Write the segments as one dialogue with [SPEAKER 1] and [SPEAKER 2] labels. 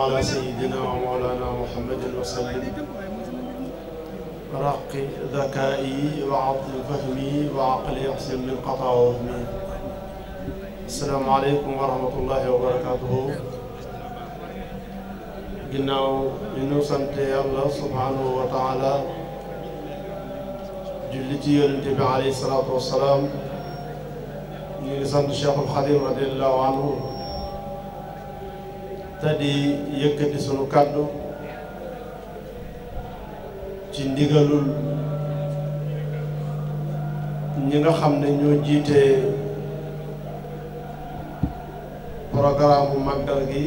[SPEAKER 1] اللهم على سيدنا ومولانا محمد وسلم رق ذكائي وعظم فهمي وعقلي احسن من قطع وهمي السلام عليكم ورحمة الله وبركاته ginnaaw ñu nu sant yàlla subhaanahu wa taala julli ci yonent bi alayhi salaatu wasalaam ñu ngi sant Cheikhul Xadim radiallahu anhu te di yëkkati sunu kàddu ci ndigalul ñi nga xam ne ñoo jiite programme màggal gi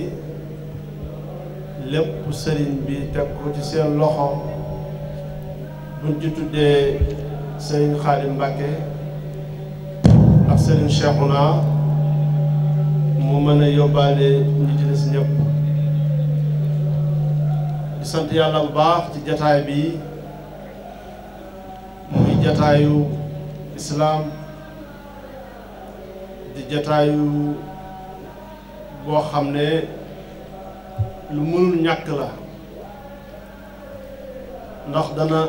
[SPEAKER 1] lépp sëriñ bi teg ko ci seen loxo buñ ci tuddee sëriñ Xaadim Mbàkke ak sëriñ Cheikhouna mu mën a yóbbaale ñi ci des di sant yàlla bu baax ci jataay bi muy jataayu islaam di jataayu boo xam ne lu mënul ñàkk la ndax dana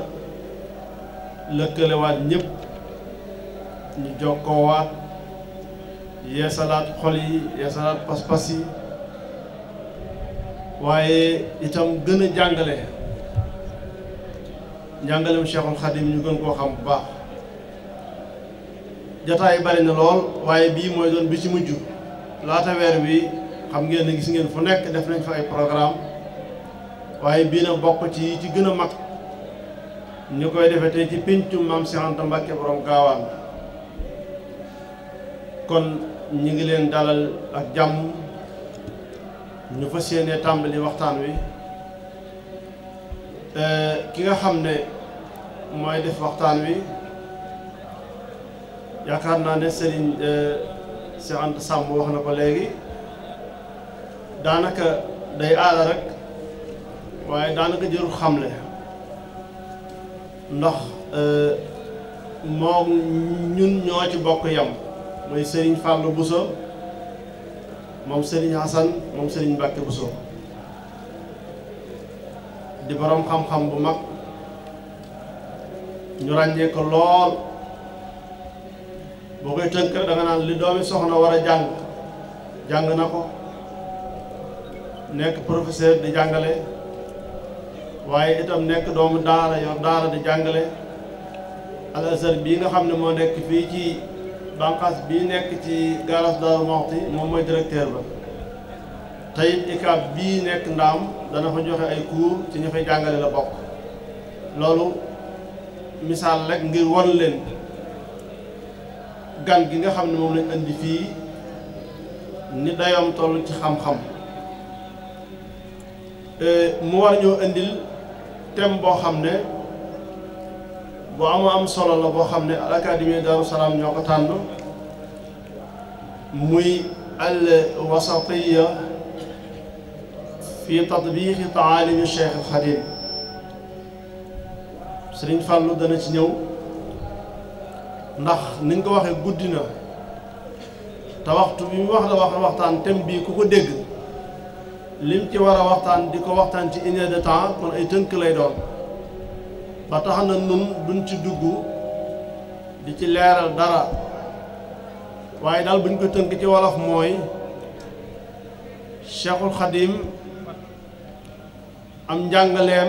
[SPEAKER 1] lëkkalewaat ñëpp ñu jokkoowaat yeesalaat xol yi yeesalaat pas-pas yi waaye itam gën a jàngale njàngalem Cheikhul Khadim ñu gën koo xam bu baax jataay bari na lool waaye bii mooy doon bi ci mujj laata weer bi xam ngeen ne gis ngeen fu nekk def nañ fa ay programme waaye bii nag bokk ci ci gën a mag ñu koy defee tey ci péncum maam Cheikh Anta Mbacke borom gaawaan kon ñu ngi leen dalal ak jàmm ñu fas yéene tàmbali waxtaan wi ki nga xam ne mooy def waxtaan wi yaakaar naa ne sëriñ euh, Cheikh Anta Samb wax na ko léegi daanaka day aada rek waaye daanaka jërul xamle ndox euh, moom ñun ñoo ci bokk yam mooy sëriñ Fallou Bousso moom Serigne Hassan moom Serigne Mbacke Bousso di boroom xam-xam bu mag ñu ràññee ko lool boo koy tënk da nga naan li doomi soxna war a jàng jàng na ko nekk professeur di jàngale waaye itam nekk doomu daara yor daara di jàngale al bii nga xam ne moo nekk fii ci banqaas bi nekk ci garage moom mooy directeur la teyit ICAB bii nekk ndaam dana fa joxe ay cours ci ñu fay jàngale la bokk loolu misaal rek ngir wan leen gan gi nga xam ne moom lañ indi fii ni dayoom toll ci xam-xam euh, mu war ñoo indil thème boo xam ne boo amu am solo la boo xam ne al académie Darou Salam ñoo ko tànn muy al wasatiya fi tatbiqi taalimi Cheikh al Xadim Sëriñ Fàllu dana ci ñëw ndax niñ ko waxee guddi na te waxtu bi mu wax la wax waxtaan thème bii ku ko dégg lim ci war a waxtaan di ko waxtaan ci une de temps kon ay tënk lay doon ba tax na nun duñ ci dugg di ci leeral dara waaye daal buñ ko tënk ci wolof mooy Cheikhul Khadim am njàngaleem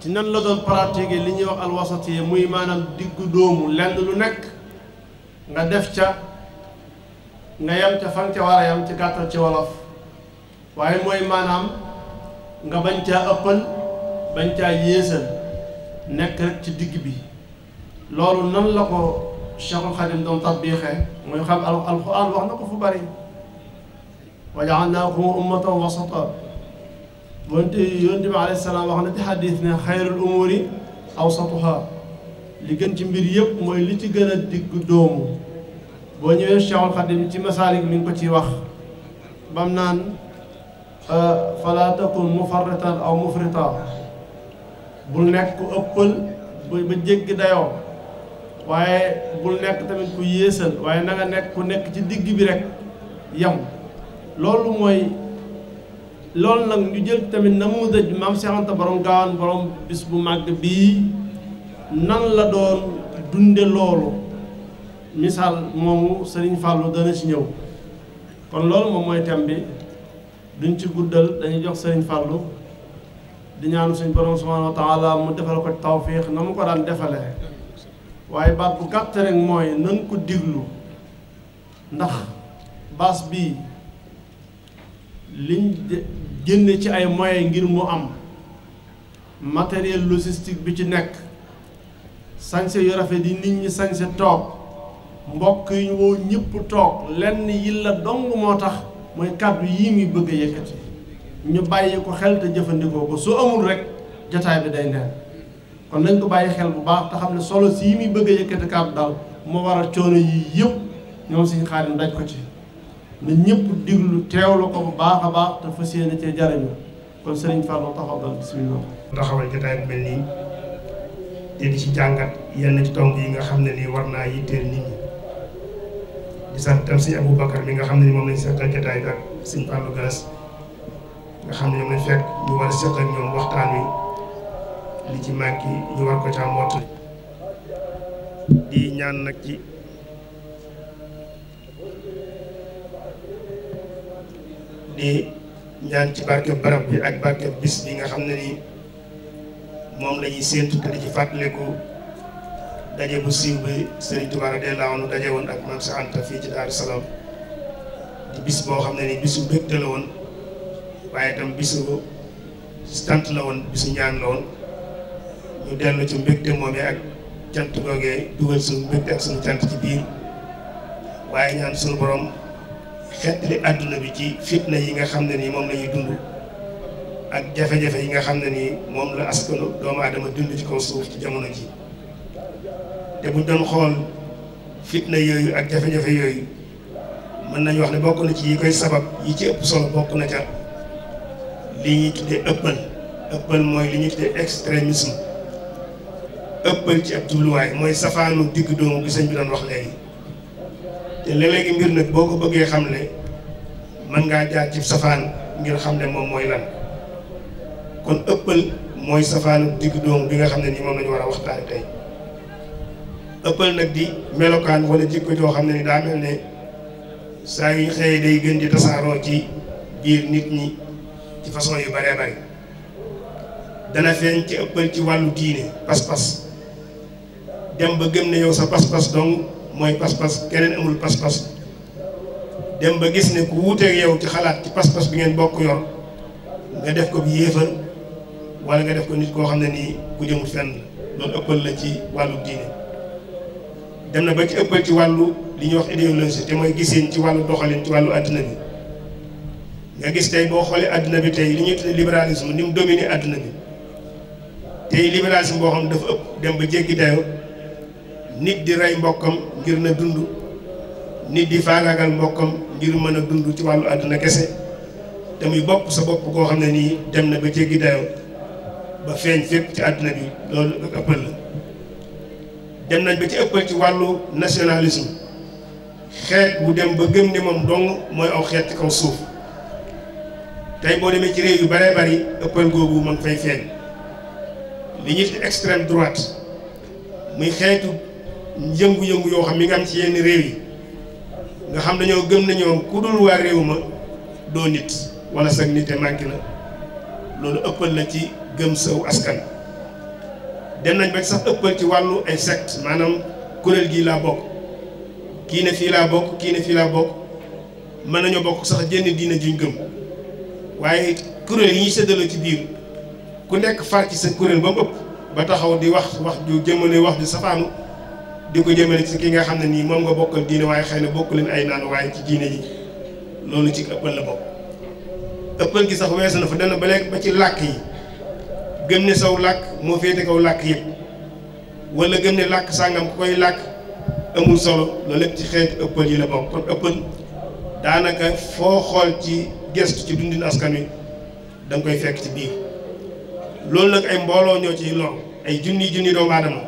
[SPEAKER 1] ci nan la doon pratiquer li ñuy wax alwasatiye muy maanam diggu dóomu lenn lu nekk nga def ca nga yem ca fan ca war ci gàttal ci wolof waaye mooy maanaam nga bañ caa ëppal bañ caa yéesal nekk ci digg bi loolu nan la ko Cheikhul Xadim doon tabbiixee mooy xam al alquran wax na ko fu bëri wa jaalnaakum ummatan wasata wante yonent bi alayhi salaam wax na ci gën ci yëpp mooy li ci gën a digg doomu boo ñëwee Cheikhul Xadim ci masaalik mi ngi ko ciy wax bam naan fala takun mufarritan aw mufrita bul nekk ku ëppal ba jéggi dayoo waaye bul nekk tamit ku yéesal waaye na nekk ku nekk ci digg bi rek yam loolu mooy loolu nag ñu jël tamit na mu dëj maam Seex borom gaawaan borom bis bu màgg bii nan la doon dunde loolu misaal moomu Sëriñ Fàllu dana ci ñëw kon loolu moom mooy thème bi duñ ci guddal dañuy jox Sëriñ Fàllu di ñaan suñ borom subhanahu wa mu defal ko tawfiix na mu ko daan defalee waaye baat bu gàtt mooy nan ko diglu ndax baas bi liñ génne ci ay moyens ngir mu am matériel losistik bi ci nekk sañse yu rafet yi nit ñi sañse toog mbokk yi ñu woo toog lenn yi la dong moo tax mooy kàddu yi muy bëgg a ñu bàyyee ko xel te jëfandikoo ko su amul rek jataay bi day neen kon nañ ko bàyyi xel bu baax te xam ne solo si yi muy bëgg a yëkkati kàddu daal moo waral coono yi yëpp ñoom suñu xaadim daj ko ci na ñëpp diglu teewlu ko bu baax a baax te fas yéene cee jariñu kon sëriñ Fallou taxawal bismillah taxawal
[SPEAKER 2] jataay bi mel nii te di ci jàngat yenn ci tomb yi nga xam ne nii war naa yitteel nit ñi di sant tam si Aboubacar mi nga xam ne ni moom lañ seetal jataay bi ak nga xam ne ñoom lañ fekk ñu war a seq ñoom waxtaan wi li ci màgg yi ñu war ko caa mottali di ñaan nag ci di ñaan ci barkeb barab bi ak barkeb bis bi nga xam ne ni moom la ñuy séentu te di ci fàttaliku daje bu siiw bi Serigne Touba radiyallahu anhu daje woon ak Maam Sa Anta fii ci Daaru Salaam di bis boo xam ne ni bisu mbégte la woon. waaye itam bisu sant la woon bisu ñaan la woon ñu dellu ci mbégte moomee ak cant googee dugal suñu mbégte ak suñu ci biir waaye ñaan suñu borom xettali bi ci fitna yi nga xam ne moom la dund ak jafe-jafe yi nga xam ne ni moom la askanu doomu aadama dund ci kaw suuf ci jamono ji te buñ doon xool fitna yooyu ak jafe-jafe yooyu mën nañu wax ne bokk na ci yi koy sabab yi ci ëpp solo bokk na ca. li ñuy tuddee ëppal ëppal mooy li ñuy tuddee extrémisme ëppal ci ab jubluwaay mooy safaanu digg doomu bi sëñ bi doon wax léegi te léeg-léegi mbir nag boo ko bëggee xam ne mën ngaa jaar ci safaan ngir xam ne moom mooy lan kon ëppal mooy safaanu digg doomu bi nga xam ne nii moom la war a waxtaan tey ëppal nag di melokaan wala jikko joo xam ne ni daa mel ne saa yu day gën di tasaaroo ci biir nit ñi ci façon yu bëree bëri dana feeñ ci ëppal ci wàllu diine pas-pas dem ba gëm ne yow sa pas-pas dong mooy pas-pas keneen amul pas-pas dem ba gis ne ku wuuteeg yow ci xalaat ci pas-pas bi ngeen bokk yoon nga def ko bi yéefar wala nga def ko nit koo xam ne nii ku jëmul fenn loolu ëppal la ci wàllu diine dem na ba ci ëppal ci wàllu li ñuy wax idéologie te mooy giseen ci wàllu doxalin ci wàllu àddina bi nga gis tey boo xoolee àddina bi tey li ñuy tuddee libéralisme ni mu dominé àdduna bi tey libéralisme boo xam dafa ëpp dem ba jéggi dayoo nit di rey mbokkam ngir na dund nit di faagaagal mbokkam ngir mën a dund ci wàllu àddina kese te muy bopp sa bopp koo xam ne nii dem na ba jéggi dayoo ba feeñ fépp ci àddina bi loolu ëppal la dem nañ ba ci ëppal ci wàllu nationalisme xeet bu dem ba gëm ne moom mooy aw xeet ci kaw suuf. tey boo demee ci réew yu bëree bëri ëppal googu mën fay feeñ li ñuy extrême droite muy xeetu yëngu-yëngu yoo xam mi nga am ci yenn réew yi nga xam dañoo gëm na ñoom ku dul waa réew ma doo nit wala sag nit te manqué la loolu ëppal la ci gëm sëw askan dem nañ ba sax ëppal ci wàllu ay secte maanaam kuréel gii laa bokk kii ne fii laa bokk kii ne fii laa bokk mën nañoo bokk sax jenn diina juñ gëm waaye kuréel yi ñuy séddaloo ci biir ku nekk far ci sa kuréel ba ëpp ba taxaw di wax wax ju jëmale wax ju safaanu di ko jëmale ci ki nga xam ne nii moom nga bokkal diine waaye xëy na bokk leen ay naan waaye ci diine loolu ci ëppal la gi sax weesu na fa dana ba léegi ba làkk yi gëm ne saw làkk moo làkk yëpp wala gëm làkk sàngam ku koy làkk amul solo loolu lépp ci xeet ëppal yi la bokk ëppal daanaka foo xool ci gëstu ci dundin askan wi da koy fekk ci biir loolu nag ay mbooloo ñoo ci lool ay junni junni doomu aadama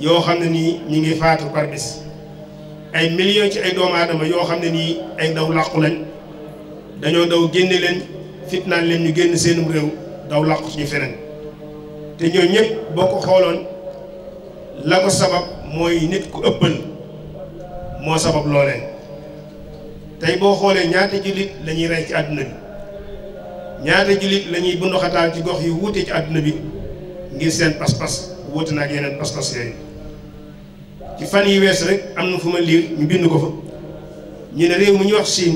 [SPEAKER 2] yoo xam ne nii ñu ngi faatu par bis ay millions ci ay doomu aadama yoo xam ne nii ay daw làqu lañ dañoo daw génne leen fitnaan leen ñu génn seenum réew dow làqu ci feneen te ñoo ñëpp boo ko xooloon la ko sabab mooy nit ku ëppal moo sabab loolee tey boo xoolee ñaata jullit lañuy rey ci àdduna bi ñaata jullit lañuy ñuy ci gox yi wuute ci àdduna bi ngir seen pas-pas wuute na yeneen pas-pas yooyu ci fan yi wees rek am na fu ma liir ñu bind ko fa ñu ne mu ñuy wax Siin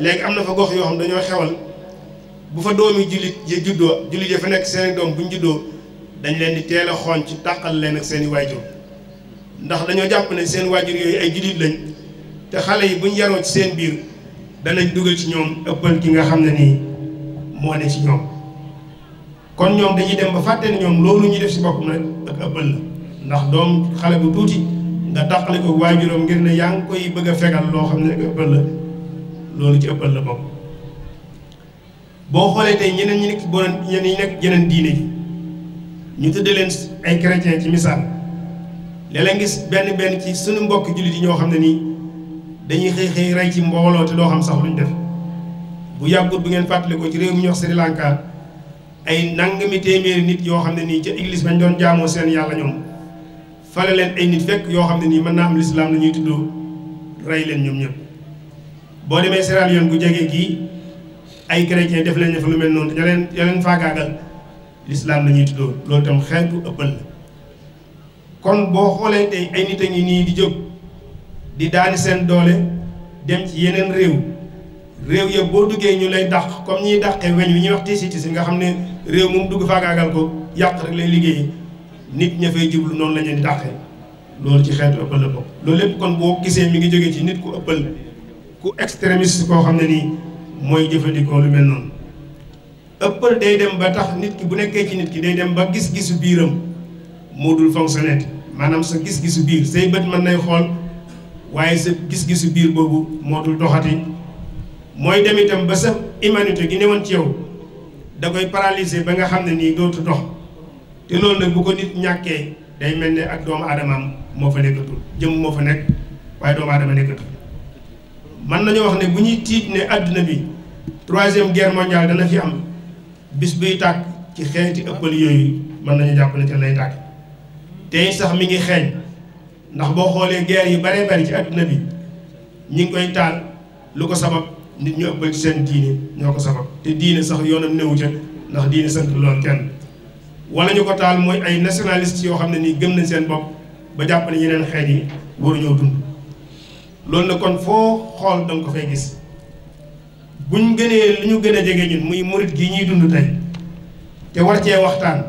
[SPEAKER 2] léegi am na fa gox yoo xam dañoo xewal bu fa doomi jullit ya juddoo jullit ya fa nekk seen doom bu ñu juddoo dañ leen di teel a xooñ ci tàqal leen ak seeni i ndax dañoo jàpp ne seen waajur yooyu ay jullit lañ. te xale yi bu ñu yaroo ci seen biir danañ dugal ci ñoom ëppal ki nga xam ne nii moo ne ci ñoom kon ñoom dañuy dem ba fàtte ne ñoom loolu ñu def si boppam na ak ëppal la ndax doom xale bu tuuti nga taqale ko waajuram ngir ne yaa ngi koy bëgg a loo xam ne ëppal la loolu ci ëppal la bopp boo xoolee tey ñeneen ñi nekk bon ñeneen ñi nekk jeneen diine ji ñu tëdd leen ay chrétien ci misaal léeg-léeg benn benn ci suñu mbokk jullit yi ñoo xam ne nii dañuy xëy xëy rey ci mbooloo te doo xam sax luñ def bu yàggut bu ngeen fàttali ko ci réew mi ñuy wax ay nangami téeméeri nit yoo xam ne nii ca église bañ doon jaamoo seen yàlla ñoom fale leen ay nit fekk yoo xam ne nii mën naa am lislaam la ñuy tudd rey leen ñoom ñëpp demee Sierra Leone bu jege gii ay chrétien def leen lu mel noonu leen ña leen faagaagal lislaam la ñuy tudd loolu itam xeetu ëppal la kon boo xoolee tey ay nit a ngi nii di jóg di daani seen doole dem ci yeneen réew réew ya boo duggee ñu lay dàq comme ñuy dàqee weñ wi ñuy wax tiisi tiisi nga xam ne réew moom dugg faagaagal ko yàq rek lay liggéey nit ña fay jublu noonu lañu ñu di dàqee loolu ci xeetu ëppal la bokk loolu lépp kon boo gisee mi ngi jógee ci nit ku ëppal ku extrémiste koo xam ne nii mooy jëfandikoo lu mel noonu ëppal day dem ba tax nit ki bu nekkee ci nit ki day dem ba gis-gisu biiram mu dul fonctionner maanaam sa gis-gisu biir say bët mën nay xool waaye sa gis-gisu biir boobu moo dul doxati mooy dem itam ba sa humanité gi newoon ci yow da koy paralysé ba nga xam ne nii dootu dox te loolu nag bu ko nit ñàkkee day mel ne ak doomu aadamaam moo fa nekkatul jëm moo fa nekk waaye doomu aadama nekkatul mën nañoo wax ne bu ñuy tiit ne àdduna bi troisième guerre mondiale dana fi am bis buy tàkk ci xeeti ëppal yooyu mën nañu jàpp ne te lay tàkk tey sax mi ngi xeeñ ndax boo xoolee guerre yi baree bari ci àdduna bi ñi ngi koy taal lu ko sabab nit ñu ëppal ci seen diine ñoo ko sabab te diine sax yoonam néewu ca ndax diine sant lool kenn wala ñu ko taal mooy ay nationaliste yoo xam ne nii gëm nañ seen bopp ba jàppale ne yeneen xeet yi waruñoo dund loolu na kon foo xool danga ko fay gis buñ gënee lu ñu gën a jege ñun muy murit gi ñuy dund tey te war cee waxtaan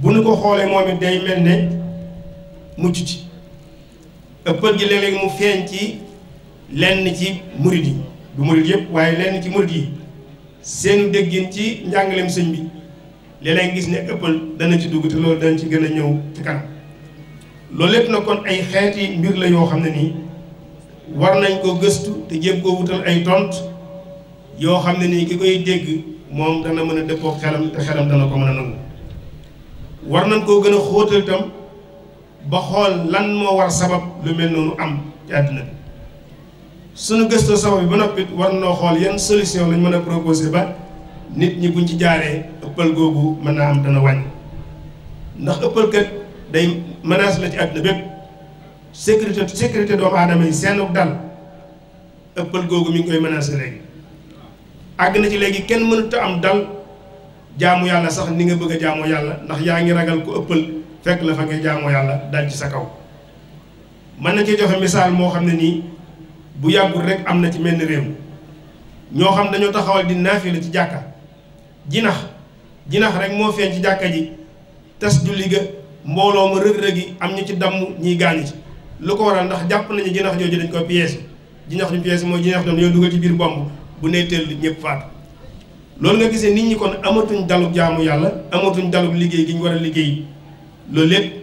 [SPEAKER 2] bu nu ko xoolee moom it day mel ne mucc ci ëppal gi léeg mu feeñ ci lenn ci murid yi du murid yëpp waaye lenn ci murid yi seenu déggin ci njàngaleem sëñ bi léeg gis ne ëppal dana ci dugg te loolu dana ci gën a ñëw ci kanam loolu lépp na kon ay xeeti mbir la yoo xam ne nii war nañ ko gëstu te jéem koo wutal ay tont yoo xam ne nii ki koy dégg moom dana mën a dëppoo xelam te xelam dana ko mën a nangu war nañ koo gën a xóotal tam ba xool lan moo war sabab lu mel noonu am ci àddina bi suñu gëstoo sabab bi ba noppi war noo xool yan solution lañ mën a proposé ba nit ñi buñ ci jaaree ëppal googu mën naa am dana wàññi ndax ëppal kat day la ci àddina bépp sécurité sécurité doomu yi seenuk dal ëppal googu mi ngi koy menacé léegi àgg na ci léegi kenn mënut a am dal jaamu yàlla sax ni nga bëgg a jaamu yàlla ndax yaa ngi ragal ku ëppal fekk la fa nga jaamoo yàlla dal ci sa kaw mën na ci joxe misaal moo xam ne nii bu yàggul rek am na ci mel ni réew ñoo xam dañoo taxawal di naafila ci jàkka jinax jinax rek moo feeñ ci jàkka ji tas julli ga mbooloo ma rëg-rëg yi am ñu ci damm ñii gaañu ci lu ko waral ndax jàpp nañu jinax jooju dañ ko piège jinax ñu piège mooy jinax doon ñoo dugal ci biir bomb bu nee tëll ñëpp faatu loolu nga gisee nit ñi kon amatuñ dalub jaamu yàlla amatuñ dalub liggéey gi war a liggéey loolu lépp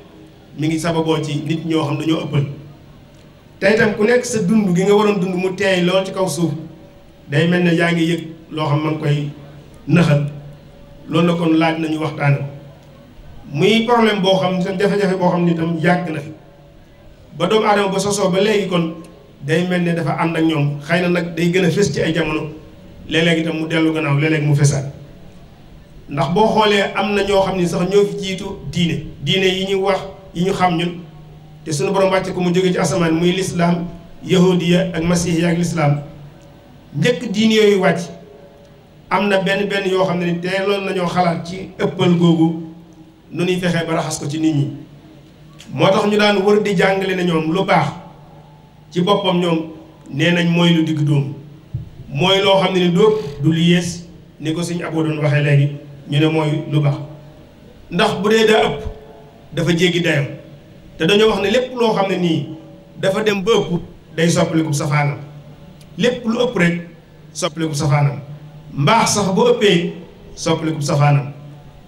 [SPEAKER 2] mi ngi sababoo ci nit ñoo xam dañoo ëppal tey itam ku nekk sa dund gi nga waroon dund mu teey lool ci kaw suuf day mel ne yaa ngi yëg loo xam man koy naxal loolu la kon laaj nañu waxtaan muy problème boo xam ne jafe-jafe boo xam ne itam yàgg na fi ba doomu aadama ba sosoo ba léegi kon day mel ne dafa ànd ak ñoom xëy na nag day gën a fës ci ay jamono léeg-léeg itam mu dellu gannaaw léeg-léeg mu fesaat ndax boo xoolee am na ñoo xam ne sox ñoo fi jiitu diine diine yi ñu wax yi ñu xam ñun te suñu borom wàcce ko mu jóge ci asamaan muy lislaam yahudiya ak masihiya ak lislaam njëkk diine yu wàcc am na benn benn yoo xam ne ni teeloon nañoo xalaat ci ëppal googu nu ñuy fexee ba raxas ko ci nit ñi moo tax ñu daan wër di jàngale ne ñoom lu baax ci boppam ñoom nee nañ mooy lu digg dóom mooy loo xam ne ni dóob du lu yées ni ko suñu aboo doon waxee léegi ñu ne mooy lu baax ndax bu dee daa ëpp dafa jéggi dayam te dañoo wax ne lépp loo xam ne nii dafa dem ba ëpp day soppaliku safaanam lépp lu ëpp rek soppaliku safaanam mbaax sax bu ëppee soppaliku safaanam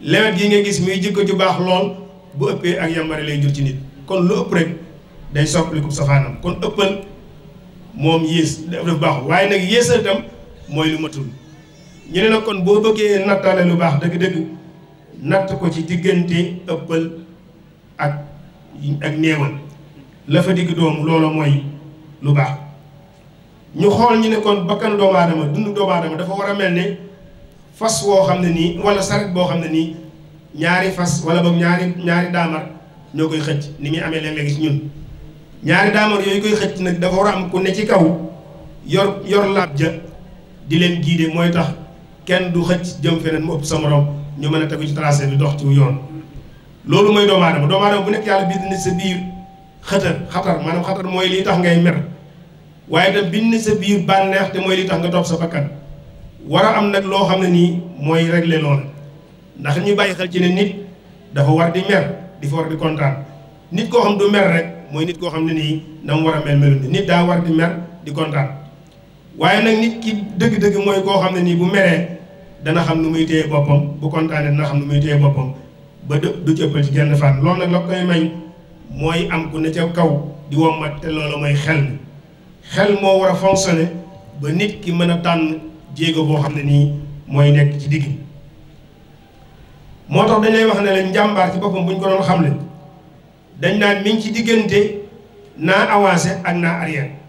[SPEAKER 2] lewet gi nga gis muy jikko ju baax lool bu ëppee ak yambare lay jur ci nit kon lu ëpp rek day soppaliku safaanam kon ëppal moom yées daf baaxul waaye nag yéesal itam mooy lu matul ñu ne la kon boo bëggee nattaale lu baax dëgg-dëgg natt ko ci diggante ëppal ak ak néewal la fa digg doomu loolu mooy lu baax ñu xool ñu ne kon bakkan doomu aadama dund doomu dafa war a mel ne fas woo xam ne nii wala saret boo xam ne nii ñaari fas wala boog ñaari ñaari daamar ñoo koy xëcc ni muy amee léeg-léeg ci ñun ñaari daamar yooyu koy xëcc nag dafa war a am ku ne ci kaw yor yor laab jën di leen giide mooy tax kenn du xëcc jëm feneen mu ëpp sa morom ñu mën a tegu ci tracé bi dox ci yoon loolu mooy doomu aadama doomu aadama bu nekk yàlla bind na sa biir xëtar xatar maanaam xatar mooy lii tax ngay mer waaye itam bind na sa biir bànneex te mooy lii tax nga topp sa bakkan war a am nag loo xam ne nii mooy réglé loolu ndax ñu bàyyi xel ci ne nit dafa war di mer di fa di kontaan nit koo xam du mer rek mooy nit koo xam ne nii na mu war a mel melu ni nit daa war di mer waaye nag nit ki dëgg-dëgg mooy koo xam bu meree dana xam nu muy téye boppam bu kontaanee dana xam nu muy téye boppam ba du jëppal ci genn fànn loolu nag la koy may mooy am ku ne ca kaw di wommat te loolu mooy xel mi xel moo war a fonctionner ba nit ki mën a tànn jéego boo xam ne nii mooy nekk ci digg moo tax dañ lay wax ne la njàmbaar ci boppam bu ñu ko doon xam ne dañ naa mi ci diggante naa avancé ak naa arrière.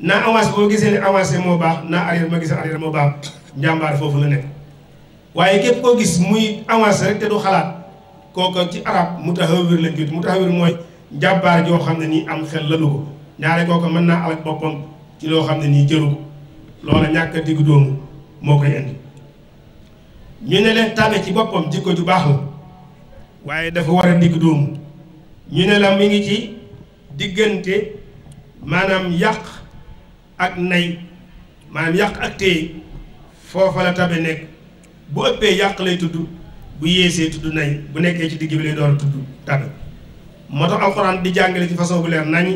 [SPEAKER 2] naa avancé boo gisee ne avancé moo baax naa arrière ma gisee arrière moo baax njàmbaar foofu la nekk waaye képp koo gis muy avancé rek te du xalaat kooku ci arab mutahawir lañ koy mutahawir mooy njàmbaar joo xam ne nii am xel lalu ko ñaare kooku mën naa alak boppam ci loo xam ne nii jëru ko loola ñàkk a diggu doomu moo koy indi ñu ne leen tabe ci boppam jikko ju baax la waaye dafa war a diggu doomu ñu ne la mi ngi ci diggante maanaam yàq ak nay maanaam yàq ak téye foofa la tabe nekk bu ëppee yàq lay tudd bu yéesee tudd nay bu nekkee ci digg bi lay door a tudd tabe moo tax alxuraan di jàngale ci façon bu leer nañ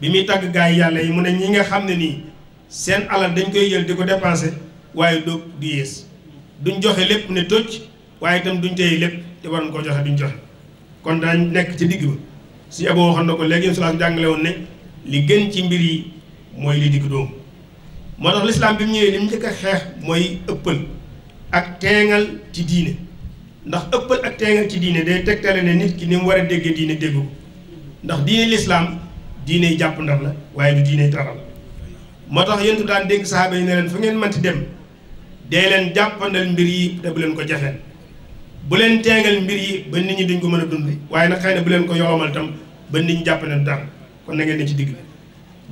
[SPEAKER 2] bi muy tàgg gaay yàlla yi mu ne ñi nga xam ne nii seen alal dañ koy jël di ko dépensé waaye doo du yées duñ joxe lépp ne tocc waaye itam duñ téye lépp te waroon koo joxe duñ joxe kon danañ nekk ci digg ba suñu aboo waxoon na ko léegi sulaas jàngale woon ne li gën ci mbir yi mooy li digg dóomu moo tax lislaam bi mu ñëwee li mu njëkk a xeex mooy ëppal ak teengal ci diine ndax ëppal ak teengal ci diine day tegtale ne nit ki ni mu war a déggee diine dégg ndax diine lislaam diine jàpp ndab la waaye du diine taral moo tax yéen daan dénk saxaaba yi ne leen fu ngeen mënti dem dee leen jàppandal mbir yi te bu leen ko jafeel bu leen teengal mbir yi ba nit ñi duñ ko mën a dund waaye nag xëy bu leen ko yoomal tam ba nit ñi jàpp ne dara kon na ngeen ne ci digg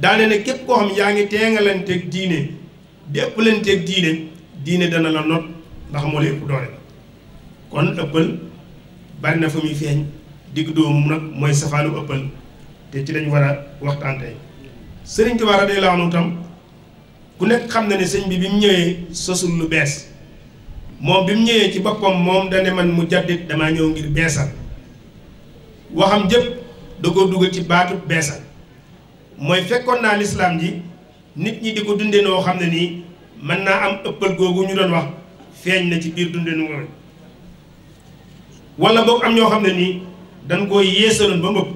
[SPEAKER 2] daane ne képp koo xam yaa ngi teengalanteeg diine di ëppalanteeg diine diine dana la not ndax moo lay ëpp doole kon ëppal bari na fa muy feeñ digg doomu nag mooy safaanu ëppal te ci lañ war a waxtaan tey sëriñ Tuubaa radiyallaahu anhu tam ku nekk xam na ne sëñ bi bi mu ñëwee sosul lu bees moom bi mu ñëwee ci boppam moom dane man mu jaddit damaa ñëw ngir beesal waxam jëpp da koo dugal ci baatu beesal mooy fekkoon naa lislaam ji nit ñi di ko dunde noo xam ne nii mën naa am ëppal googu ñu doon wax feeñ na ci biir dunde nu moom wala boog am ñoo xam ne nii dañ koo yeesaloon ba mbëpp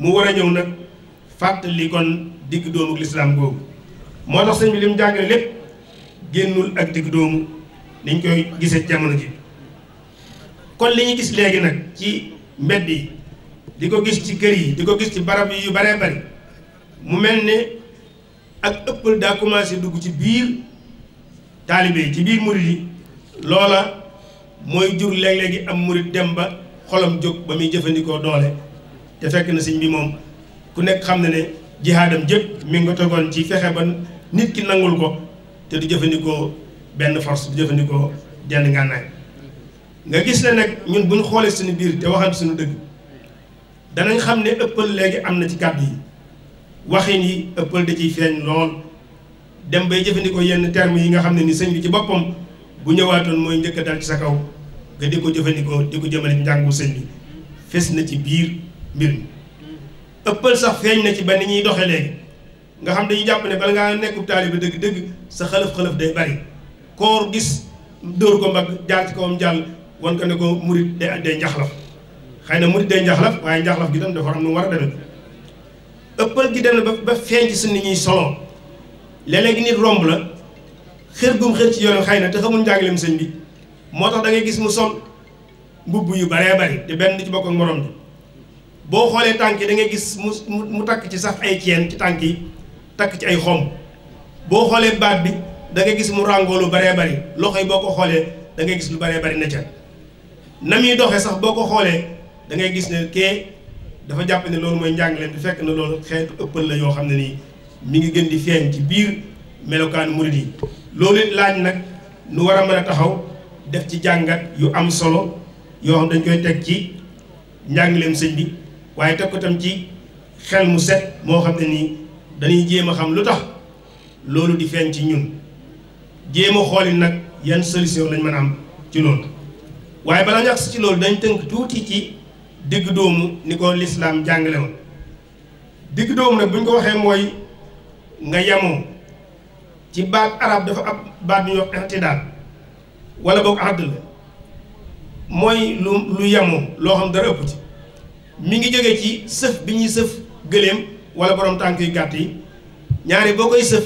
[SPEAKER 2] mu war a ñëw nag fàttali kon digg doomu lislaam googu moo tax sëñ bi li mu lépp génnul ak digg doomu niñ koy gisee jamono ji kon li ñu gis léegi nag ci mbedd yi di ko gis ci kër yi di ko gis ci barab yi yu baree bari mu mel ne ak ëppal daa commencé dugg ci biir taalibe yi ci biir murit yi loola mooy jur léeg-léegi am murit dem ba xolam jóg ba muy jëfandikoo doole te fekk na siñ bi moom ku nekk xam na ne jihaadam jëpp mi nga tegoon ci fexe ba nit ki nangul ko te du jëfandikoo benn force du jëfandikoo jenn ngànnaay nga gis ne nag ñun bu ñu xoolee suñu biir te waxante suñu dëgg danañ xam ne ëppal léegi am na ci kàddu yi waxin yi ëppal da ciy feeñ lool dem bay jëfandikoo yenn termes yi nga xam ne ni sëñ bi ci boppam bu ñëwaatoon mooy njëkk dal ci sa kaw nga di ko jëfandikoo di ko jëmale njàngu sëñ bi fes na ci biir mbir mi ëppal sax feeñ na ci ba ni ñuy doxe léegi nga xam dañuy jàpp ne bala ngaa nekkub taaliba dëgg-dëgg sa xalëf-xalëf day bari koor gis dóor ko mbagg jaar ci kawam jàll wan ko ne ko murit day day njaxlaf xëy na murit day njaxlaf waaye njaxlaf gi tam dafa am nu ëppal gi dana ba ba feeñ ci suñu ñuy solo léeg-léegi nit romb la xër gum xër ci yoonu xëy na te xamul njàngaleem sëñ bi moo tax da ngay gis mu sol mbubb yu baree bari te benn du ci bokk morom bi boo xoolee tànk yi da ngay gis mu mu takk ci sax ay ceen ci tànk yi takk ci ay xomb boo xoolee baat bi da gis mu ràngoo lu baree bari loxo yi boo ko xoolee da gis lu baree bari na ca na yi doxee sax boo ko xoolee dangay gis ne kee. dafa jàpp ne loolu mooy njàngale te fekk na loolu xeetu ëppal la yoo xam ne nii mu ngi gën di feeñ ci biir melokaanu murid yi loolu it laaj nag nu war a mën a taxaw def ci jàngat yu am solo yoo xam dañ koy teg ci njàngaleem sëñ bi waaye teg ko ci xel mu set moo xam ne dañuy jéem a xam lu tax loolu di feeñ ci ñun jéem a xooli nag yan solution lañ mën a am ci loolu waaye bala ñu agsi ci loolu dañ tënk tuuti ci digg doomu ni ko lislaam jàngale woon digg doomu nag bu ñu ko waxee mooy nga yamoo ci baat arab dafa ab baat bu ñuy wax i'tidaal wala boog àdd mooy lu lu yamoo loo xam dara ëpp ci mi ngi jógee ci sëf bi ñuy sëf gëléem wala borom tànk yu gàtt yi ñaari boo koy sëf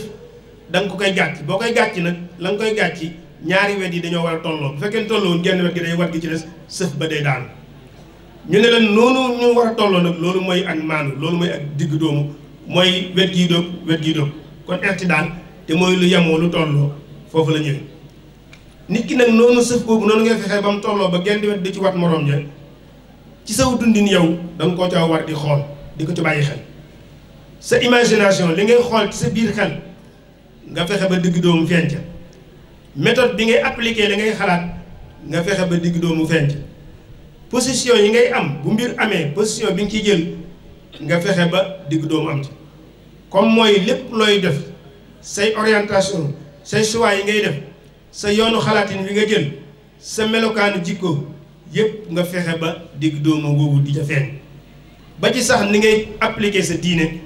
[SPEAKER 2] da nga ko koy gàcc boo koy gàcc nag la nga koy gàcc ñaari wet yi dañoo war a tolloo bu fekkee tolloo woon genn wet gi day wat gi ci des sëf ba day daanu ñu ne leen noonu ñu war a tolloo nag loolu mooy ak maandu loolu mooy ak digg doomu mooy wet gii dóog wet gii dóog kon ertidaan te mooy lu yemoo lu tolloo foofu la ñëwee nit ki nag noonu sëf boobu noonu ngay fexee ba mu tolloo ba genn wet di ci wat morom ja ci saw dundin yow da koo caa war di xool di ko ci bàyyi xel sa imagination li ngay xool ci sa biir xel nga fexe ba digg doomu feeñ ca bi ngay appliquer li ngay xalaat nga fexe ba digg doomu feeñ position yi ngay am bu mbir amee position bi nga ciy jël nga fexe ba digg doomu am ci comme mooy lépp looy def say orientation say choix yi ngay def sa yoonu xalaatin bi nga jël sa melokaanu jikko yépp nga fexe ba digg doomu googu di ca feeñ ba ci sax ni ngay appliquer sa diine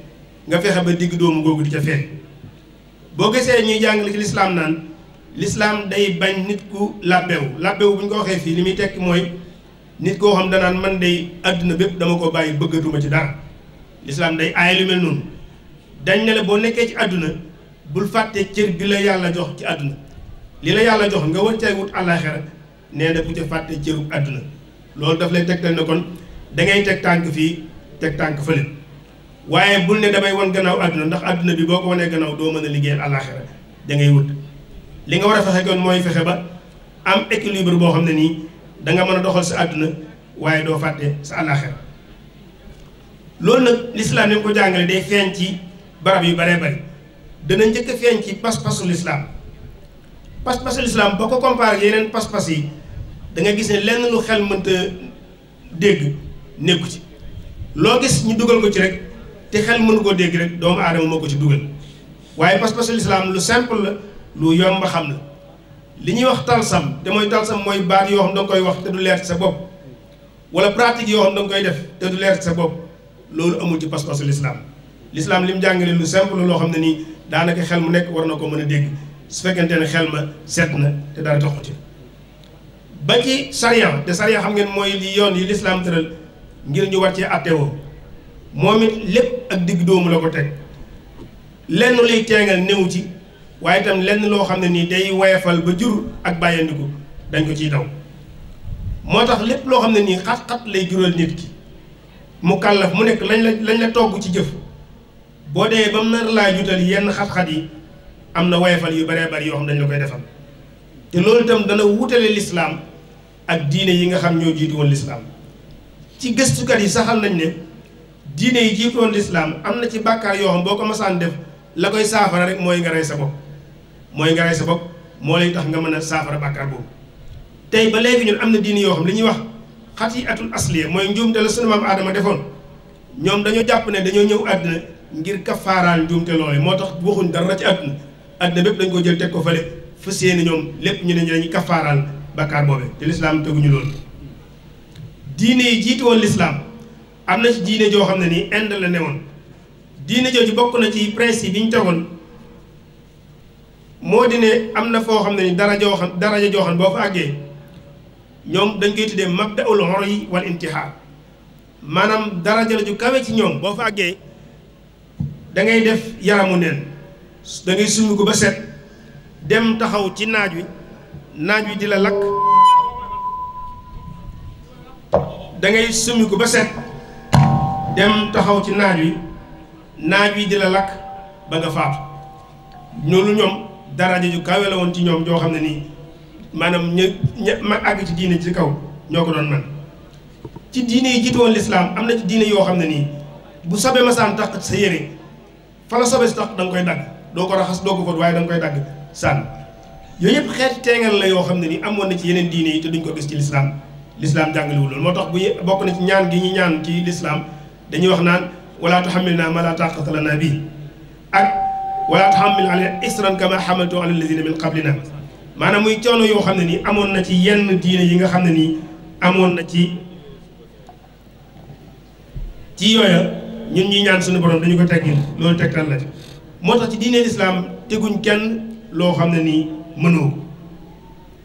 [SPEAKER 2] nga fexe ba digg doomu googu di ca feeñ boo gisee ñuy jàngale ci lislaam naan lislaam day bañ nit ku làbbewu làbbewu bu ñu ko waxee fii li muy tekki mooy nit koo xam danaan man day àdduna bépp dama ko bàyyi bëggatuma ci dara lislaam day aay lu mel noonu dañ ne la boo nekkee ci àdduna bul fàtte cër bi la yàlla jox ci àdduna li la yàlla jox nga war cay wut àllaaxira nee na bu ca fàtte cëru àdduna loolu daf lay tegtal ne kon dangay teg tànk fii teg tànk fële waaye bul ne damay wan gannaaw àdduna ndax àdduna bi boo ko wanee gannaaw doo mën a liggéey àllaaxira dangay wut li nga war a fexe kon mooy fexe ba am équilibre boo xam ne nii da nga mën a doxal sa àdduna waaye doo fàtte sa àllaaxira loolu na lislaam ni mu ko jàngale day feeñ ci barab yi baree bari dana jëkk feeñ ci pas-pasu lislaam pas-pasu lislaam boo ko comparé yeneen pas-pas yi da nga gis ne lenn lu xel mënta dégg nekku ci loo gis ñu dugal ko ci rek te xel mënu koo dégg rek doomu aadama moo ko ci dugal waaye pas-pasu lislaam lu simple la lu yomb xam na li ñuy wax talsam te mooy talsam mooy baat yoo xam da koy wax te du leer sa bopp wala pratique yoo xam da nga koy def te du leer sa bopp loolu amul ci pas-pasu lislaam lislaam li mu jàngale lu semple loo xam ne nii daanaka xel mu nekk war na ko mën a dégg su fekkente ne xel ma seet na te dara taxu ci ba ci sariya te sariya xam ngeen mooy li yoon yi lislaam tëral ngir ñu war cee attewoo moom it lépp ak digg doomu la ko teg lenn liy teengal néew ci waaye itam lenn loo xam ne nii day woyefal ba jur ak bàyyandiku dañ ko ciy daw moo tax lépp loo xam ne nii xat-xat lay jural nit ki mu kàllaf mu nekk lañ la lañ la togg ci jëf boo dee ba mu nar laa jutal yenn xat-xat yi am na woyefal yu baree bari yoo xam dañ la koy defal te loolu itam dana wutale lislaam ak diine yi nga xam ñoo jiitu woon lislaam ci gëstukat yi saxal nañ ne diine yi jiitu woon lislaam am na ci bàkkaar yoo xam boo ko masaan def la koy saafara rek mooy nga rey mooy nga rey sa bopp moo lay tax nga mën a saafara bàkkaar boobu tey ba léegi ñun am na diini yoo xam li ñuy wax xat yi atul asliya mooy njuumte la sunu aadama defoon ñoom dañoo jàpp ne dañoo ñëw àddina ngir kafaaraal njuumte loole moo tax waxuñ dara ci àdduna àddina bépp dañ ko jël teg ko fële fa séeni ñoom lépp ñu ne ñu dañuy kafaaraal bàkkaar boobe te lislaam teguñu loolu diine yi jiitu woon lislaam am na ci joo xam ne nii Inde la newoon diine jooju bokk na ci principe yi ñu tegoon moo di ne am na foo xam ne ni daraja joo xam daraja joo xam boo fa àggee ñoom dañ koy tuddee mabdaul uryi wal intihaa maanaam daraja la ju kawe ci ñoom boo fa àggee da ngay def yaramu neen da ngay summi ko ba set dem taxaw ci naaj wi naaj wi di la lakk da ko ba set dem taxaw ci naaj wi naaj wi di la lakk ba nga faatu ñoolu ñoom daraja ju kawe la woon ci ñoom joo xam ne nii maanaam ña ña ma àgg ci diine ci kaw ñoo ko doon man ci diine yi jiitu woon lislaam am na ci diine yoo xam ne nii bu sobe masaan tax sa yére fa la sobe si tax da koy dagg doo ko raxas doo ko fóot waaye da koy dagg sànn yooyu yëpp xeeti teengal la yoo xam ne nii amoon na ci yeneen diine yi te duñ ko gis ci lislaam lislaam jàngaliwul loolu moo tax bu bokk na ci ñaan gi ñu ñaan ci lislaam dañuy wax naan wala tuhammilnaa maa laa taaqata lanaa bihi ak wala taxamil ale isran kama xamaltu ala alladina min qablina maanaam muy coono yoo xam ne nii amoon na ci yenn diine yi nga xam ne nii amoon na ci ci yooya ñun ñuy ñaan suñu borom dañu ko teggil loolu tegtal la moo tax ci diine lislaam teguñ kenn loo xam ne nii mënoo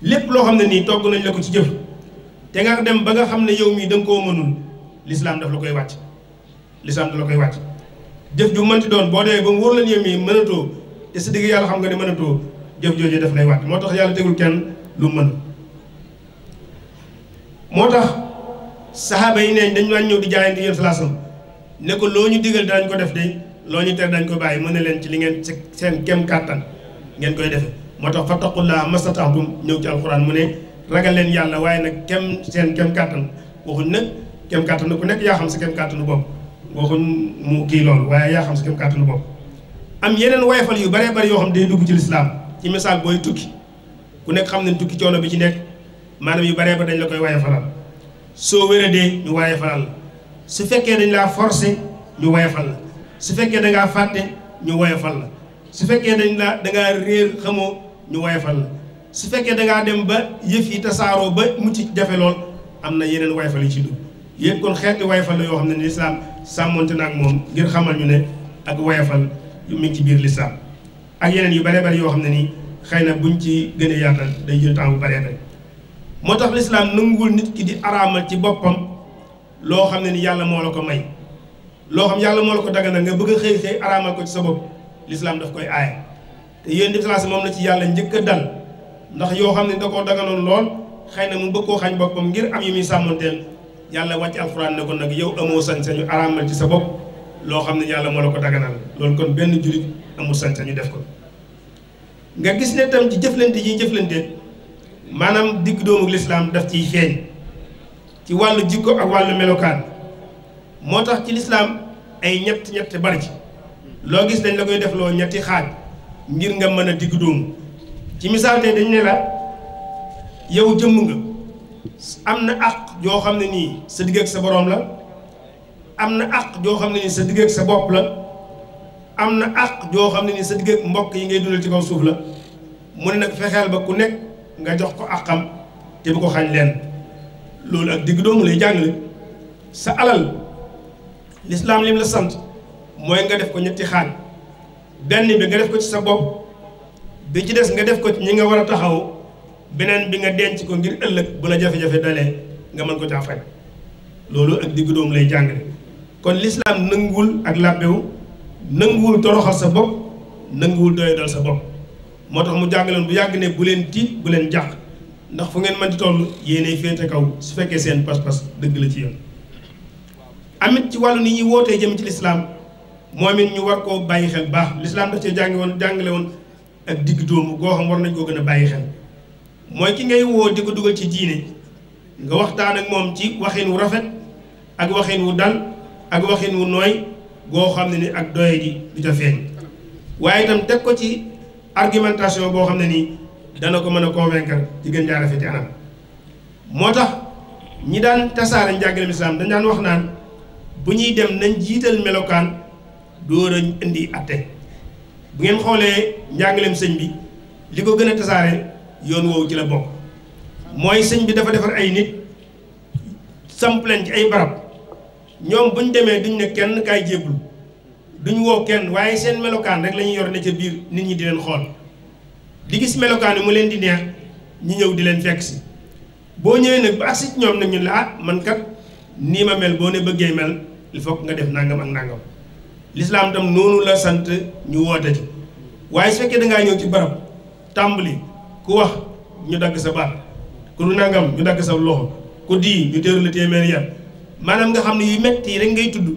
[SPEAKER 2] lépp loo xam ne nii togg nañ la ko ci jëf te nga dem ba nga xam ne yow mii da nga koo mënul lislaam daf la koy wàcc lislaam daf la koy wàcc jëf ju mënti doon boo dee ba mu wóor la ni mii mënatoo te sa digg yàlla xam nga ne mënatoo jëf jooju def lay wàtt moo tax yàlla tegul kenn lu mën moo tax saxaaba yi neeñ dañu daan ñëw di jaayante yéen salaasam ne ko loo ñu digal daañ ko def de loo ñu ter dañ ko bàyyi mën ne leen ci li ngeen seen kem kàttan ngeen koy def moo tax fa fattaqullaa mastata'tum ñëw ci alxuraan mu ne ragal leen yàlla waaye nag kem seen kem kàttan waxuñ nag kem kàttan ku nekk yaa xam sa kem kàttanu waxuñ mu kii loolu waaye yaa xam si képp kàttanu bopp am yeneen wayfal yu baree bari yoo xam day dugg ci lislaam ci misaal booy tukki ku nekk xam ne tukki coono bi ci nekk maanaam yu baree ba dañ la koy wayfalal soo wéradee ñu wayfalal la su fekkee dañ laa forcé ñu wayfal la su fekkee da ngaa fàtte ñu wayfal la su fekkee dañ laa da ñu wayfal su fekkee da ngaa dem ba yëf yi tasaaroo ba mucc jafe lool am na yeneen wayfal yu ci dugg yéen kon xeeti wayfal la yoo xam ne lislaam sàmmonte na ak moom ngir xamal ñu ne ak woyafal yu mu ci biir lislaam ak yeneen yu baree bari yoo xam ne nii xëy na buñ ci gën a yaatal day jël temps bu baree bari moo tax lislaam nanguwul nit ki di araamal ci boppam loo xam ne ni yàlla moo la ko may loo xam yàlla moo la ko daganal nga bëgg a xëy xëy araamal ko ci sa bopp lislaam daf koy aaye te yéen di place moom la ci yàlla njëkk a dal ndax yoo xam ne da koo daganoon lool xëy na mu bëgg koo xañ boppam ngir am yu muy sàmmanteel yàlla wàcc alxuraan ne ko nag yow amoo sañ-sañu araamal ci sa bopp loo xam ne yàlla moo la ko daganal loolu kon benn jullit amul sañ-sañu def ko nga gis ne tam ci jëflante yi jëflante maanaam digg doomu lislaam daf ciy feeñ ci wàllu jikko ak wàll melokaan moo tax ci lislaam ay ñett ñett bari ci loo gis dañ la koy def loo ñetti xaaj ngir nga mën a digg doomu ci misaal tey dañ ne la yow jëmm nga am na àq joo xam ne nii sa digg ak sa boroom la am na àq joo xam ne nii sa digg ak sa bopp la am na àq joo xam ne nii sa digg ak mbokk yi ngay dundal ci kaw suuf la mu ne nag fexeel ba ku nekk nga jox ko àqam te bu ko xañ leen loolu ak digg doomu lay jàngale sa alal lislaam lim la sant mooy nga def ko ñetti xaaj benn bi nga def ko ci sa bopp bi ci des nga def ko ci ñi nga war a taxaw beneen bi nga denc ko ngir ëllëg bu la jafe-jafe dalee nga mën ko caa faj loolu ak diggu doom lay jàng kon lislaam nënguwul ak làbbewu nanguwul toroxal sa bopp nanguwul doyadal sa bopp moo tax mu jàngaleen bu yàgg ne bu leen tiit bu leen jàq ndax fu ngeen mën di toll yéenay féete kaw su fekkee seen pas-pas dëgg la ci yéen amit ci wàllu ni ñuy wootee jëm ci lislaam moom it ñu war koo bàyyi xel baax lislaam daf cee jàngi woon jàngale woon ak digg dóomu goo xam war nañ koo gën a bàyyi xel mooy ki ngay woo di ko dugal ci diine nga waxtaan ak moom ci waxin wu rafet ak waxin wu dal ak waxin wu nooy goo xam ne ni ak doye ji du ca feeñ waaye itam teg ko ci argumentation boo xam ne nii dana ko mën a convaincre ci gën jaa rafeti anam moo tax ñi daan tasaare njàngaleem islaam dañ daan wax naan bu ñuy dem nañ jiital melokaan dóor indi atte bu ngeen xoolee njàngaleem sëñ bi li ko gën a tasaare yoon woowu ci la bokk mooy sëñ bi dafa defar ay nit samp leen ci ay barab ñoom buñ demee duñ ne kenn kaay jéblu duñ woo kenn waaye seen melokaan rek lañuy yor ne ca biir nit ñi di leen xool di gis melokaan yi mu leen di neex ñi ñëw di leen fekk si boo ñëwee nag ba agsi ci ñoom nag ñu la ah man kat nii ma mel boo ne bëggee mel li faut nga def nangam ak nangam lislaam tam noonu la sant ñu woote ci waaye su fekkee dangaa ñëw ci barab tàmbali ku wax ñu dagg sa baat ku du nangam ñu dagg sa loxo ku di ñu téeru la téeméer yar maanaam nga xam ne yi metti yi rek ngay tudd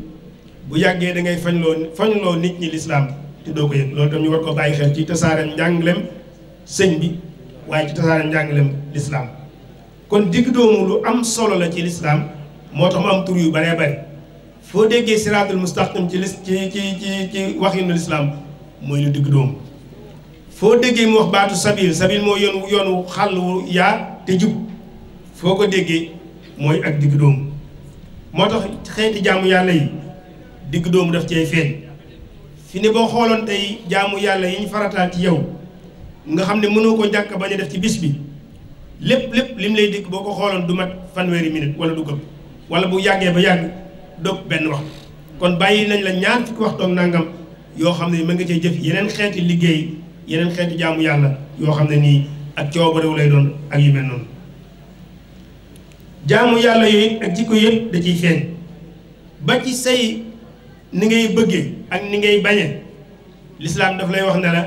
[SPEAKER 2] bu yàggee da ngay fañ loo fañ loo nit ñi lislaam te doo ko yëg loolu tam ñu war ko bàyyi xel ci tasaare njàngaleem sëñ bi waaye ci tasaare njàngaleem lislaam kon digg doomu lu am solo la ci lislaam moo tax mu am tur yu baree bari foo déggee siraatul mustaqim ci lis ci ci ci ci waxinu lislaam mooy lu digg doomu foo déggee mu wax baatu sabil sabil moo yoon wu xàll wu yaa te jub foo ko déggee mooy ak digg dóomu moo tax xeeti jaamu yàlla yi digg doomu daf cee feeñ fi ne boo xooloon tey jaamu yàlla yi ñu farataal ci yow nga xam ne mënoo ko ñàkk bañ a def ci bis bi lépp lépp lim lay dikk boo ko xooloon du mag fanweeri minute wala du ko wala bu yàggee ba yàgg dog benn waxtu kon bàyyi nañ la ñaar fukki waxtu ak nangam yoo xam ne mën nga cee jëf yeneen xeeti liggéey. yeneen xeetu jaamu yàlla yoo xam ne nii ak coobarewu lay doon ak yu mel noonu jaamu yàlla yooyu ak jikko yëpp da ciy feeñ ba ci say ni ngay bëgge ak ni ngay bañe lislaam daf lay wax ne la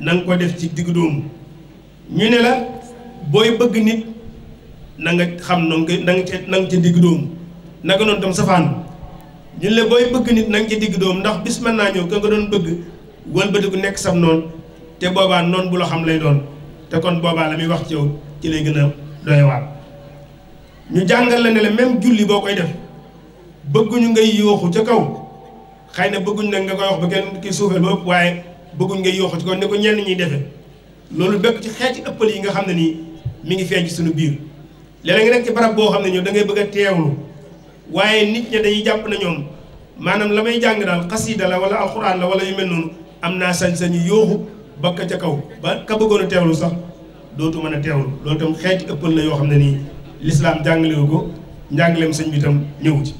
[SPEAKER 2] na nga ko def ci diggu dóomu ñu ne la booy bëgg nit na nga xam na nga na nga ca na nga ca diggu dóomu naka noonu tam safaan ñu ne la booy bëgg nit na nga diggu dóomu ndax bis mën naa ñëw ka nga doon bëgg ku nekk sam noonu te boobaa noonu bu la xam lay doon te kon boobaa la muy wax ci ci lay gën a doy ñu jàngal la ne la même julli boo koy def bëgguñu ngay yooxu ca kaw xëy na bëgguñ nag nga koy wax ba kenn ki suufeel ba ëpp waaye bëgguñ ngay yooxu ci kaw ne ko ñenn ñuy defe loolu bekk ci xeeti ëppal yi nga xam ne nii mi ngi feeñ ci suñu biir léeg-léeg nga nekk ci barab boo xam ne ñoom da ngay bëgg a teewlu waaye nit ñi dañuy jàpp na ñoom maanaam la may jàng daal xasiida la wala alxuraan la wala yu mel noonu am naa sañ-sañu yooxu bakka ca kaw ba ka bëggoon a teewlu sax dootu mën a teewlu loolu tam xeeti ëppal la yoo xam ne nii lislaam jàngalewu ko njàngaleem sëñ bi tam ñëwu ci